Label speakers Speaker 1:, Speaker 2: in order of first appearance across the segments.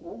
Speaker 1: Ποιος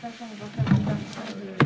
Speaker 1: ταυτόχρονα θα κάνουμε και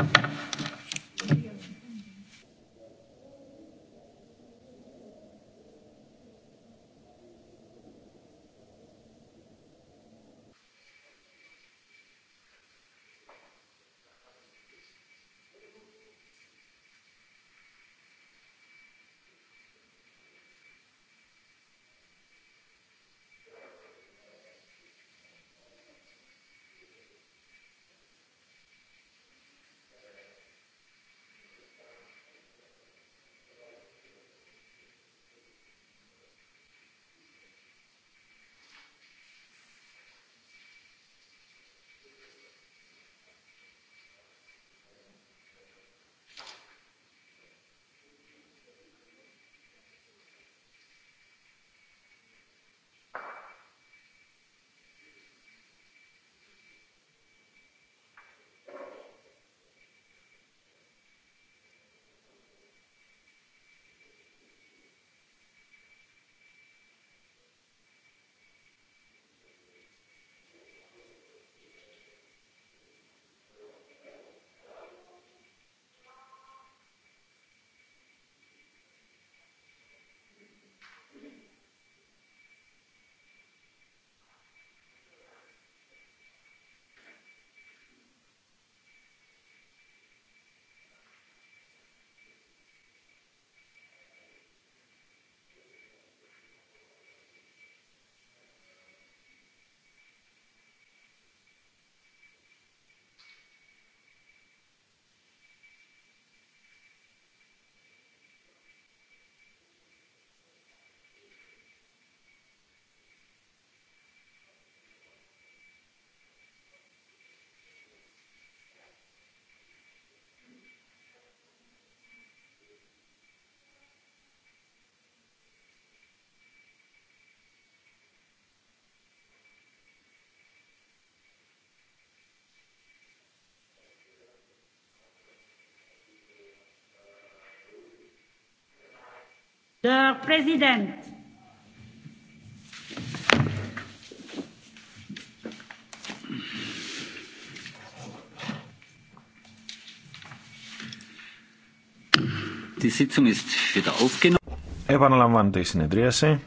Speaker 2: Επαναλαμβάνεται η συνεδρίαση.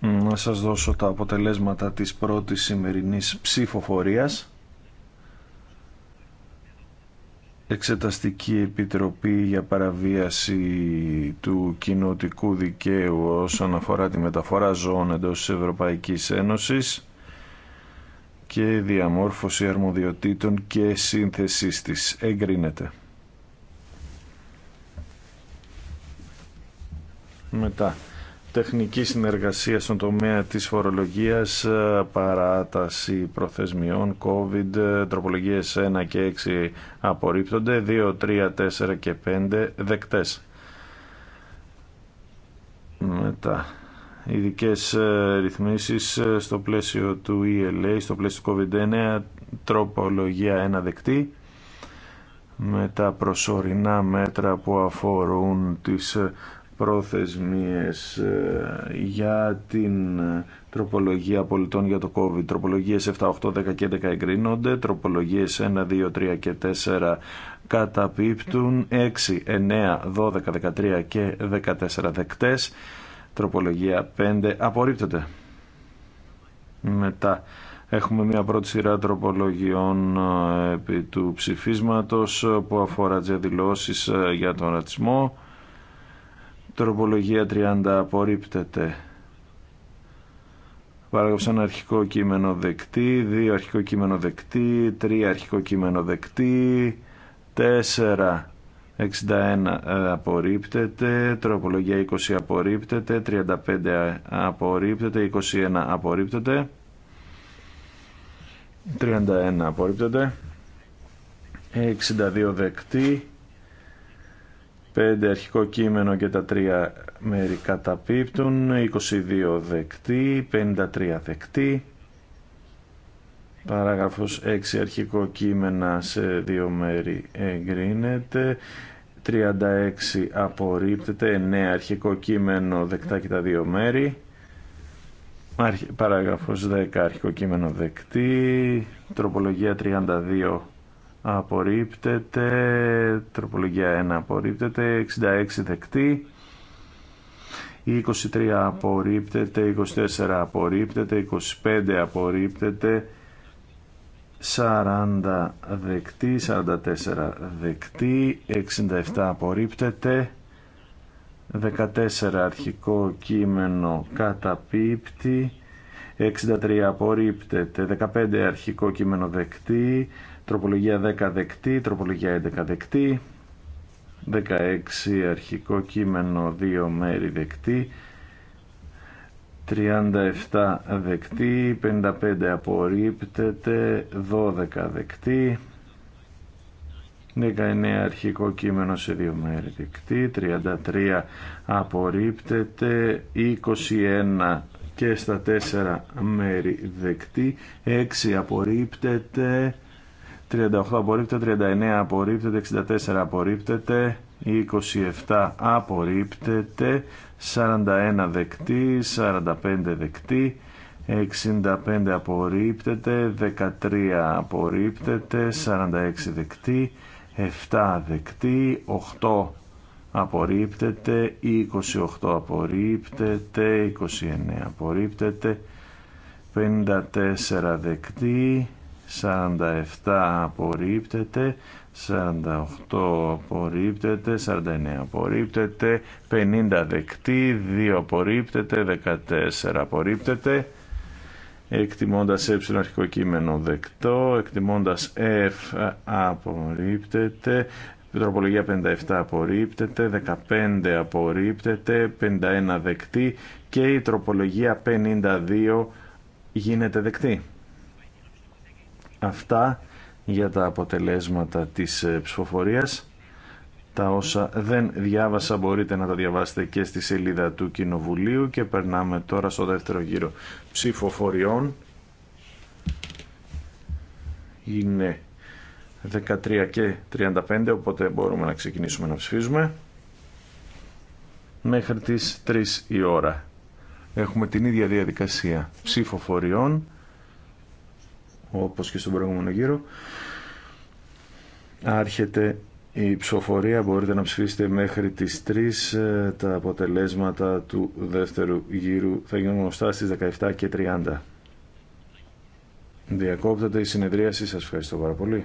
Speaker 2: Να σας δώσω τα αποτελέσματα της πρώτης σημερινής ψηφοφορίας. Εξεταστική Επιτροπή για παραβίαση του κοινοτικού δικαίου όσον αφορά τη μεταφορά ζώων εντός της Ευρωπαϊκής Ένωσης και διαμόρφωση αρμοδιοτήτων και σύνθεση της. Εγκρίνεται. Μετά τεχνική συνεργασία στον τομέα της φορολογίας, παράταση προθεσμιών, COVID, τροπολογίες 1 και 6 απορρίπτονται, 2, 3, 4 και 5 δεκτές. Μετά, ειδικέ ε, ρυθμίσεις ε, στο πλαίσιο του ELA, στο πλαίσιο του COVID-19, τροπολογία 1 δεκτή με τα προσωρινά μέτρα που αφορούν τις ε, προθεσμίες ε, για την ε, τροπολογία πολιτών για το COVID. Τροπολογίες 7, 8, 10 και 11 εγκρίνονται. Τροπολογίες 1, 2, 3 και 4 καταπίπτουν. 6, 9, 12, 13 και 14 δεκτές. Τροπολογία 5 απορρίπτεται. Μετά έχουμε μια πρώτη σειρά τροπολογιών ε, επί του ψηφίσματος που αφορά τις δηλώσεις για τον ρατσισμό Τροπολογία 30 απορρίπτεται. Παράγραψα ένα αρχικό κείμενο δεκτή, δύο αρχικό κείμενο δεκτή, τρία αρχικό κείμενο δεκτή, τέσσερα 61 ε, απορρίπτεται, τροπολογία 20 απορρίπτεται, 35 απορρίπτεται, 21 απορρίπτεται, 31 απορρίπτεται, 62 δεκτή, 5 αρχικό κείμενο και τα 3 μέρη καταπίπτουν, 22 δεκτή, 53 δεκτή, παράγραφος 6 αρχικό κείμενα σε δύο μέρη εγκρίνεται, 36 απορρίπτεται, 9 αρχικό κείμενο δεκτά και τα δύο μέρη, παράγραφος 10 αρχικό κείμενο δεκτή, τροπολογία 32 απορρίπτεται, τροπολογία 1 απορρίπτεται, 66 δεκτή, 23 απορρίπτεται, 24 απορρίπτεται, 25 απορρίπτεται, 40 δεκτή, 44 δεκτή, 67 απορρίπτεται, 14 αρχικό κείμενο καταπίπτει, 63 απορρίπτεται, 15 αρχικό κείμενο δεκτή, Τροπολογία 10 δεκτή, τροπολογία 11 δεκτή, 16 αρχικό κείμενο 2 μέρη δεκτή, 37 δεκτή, 55 απορρίπτεται, 12 δεκτή, 19 αρχικό κείμενο σε 2 μέρη δεκτή, 33 απορρίπτεται, 21 και στα 4 μέρη δεκτή, 6 απορρίπτεται, 38 απορρίπτεται, 39 απορρίπτεται, 64 απορρίπτεται, 27 απορρίπτεται, 41 δεκτή, 45 δεκτή, 65 απορρίπτεται, 13 απορρίπτεται, 46 δεκτή, 7 δεκτή, 8 απορρίπτεται, 28 απορρίπτεται, 29 απορρίπτεται, 54 δεκτή, 47 απορρίπτεται, 48 απορρίπτεται, 49 απορρίπτεται, 50 δεκτή, 2 απορρίπτεται, 14 απορρίπτεται, εκτιμώντας ε αρχικό κείμενο δεκτό, εκτιμώντας f απορρίπτεται, Τροπολογία 57 απορρίπτεται, 15 απορρίπτεται, 51 δεκτή και η τροπολογία 52 γίνεται δεκτή. Αυτά για τα αποτελέσματα της ε, ψηφοφορίας. Τα όσα δεν διάβασα μπορείτε να τα διαβάσετε και στη σελίδα του Κοινοβουλίου και περνάμε τώρα στο δεύτερο γύρο ψηφοφοριών. Είναι 13 και 35 οπότε μπορούμε να ξεκινήσουμε να ψηφίζουμε μέχρι τις 3 η ώρα. Έχουμε την ίδια διαδικασία ψηφοφοριών όπως και στον προηγούμενο γύρο. Άρχεται η ψηφοφορία, μπορείτε να ψηφίσετε μέχρι τις 3. Ε, τα αποτελέσματα του δεύτερου γύρου θα γίνουν γνωστά στις 17 και 30. Διακόπτεται η συνεδρίαση. Σας ευχαριστώ πάρα πολύ.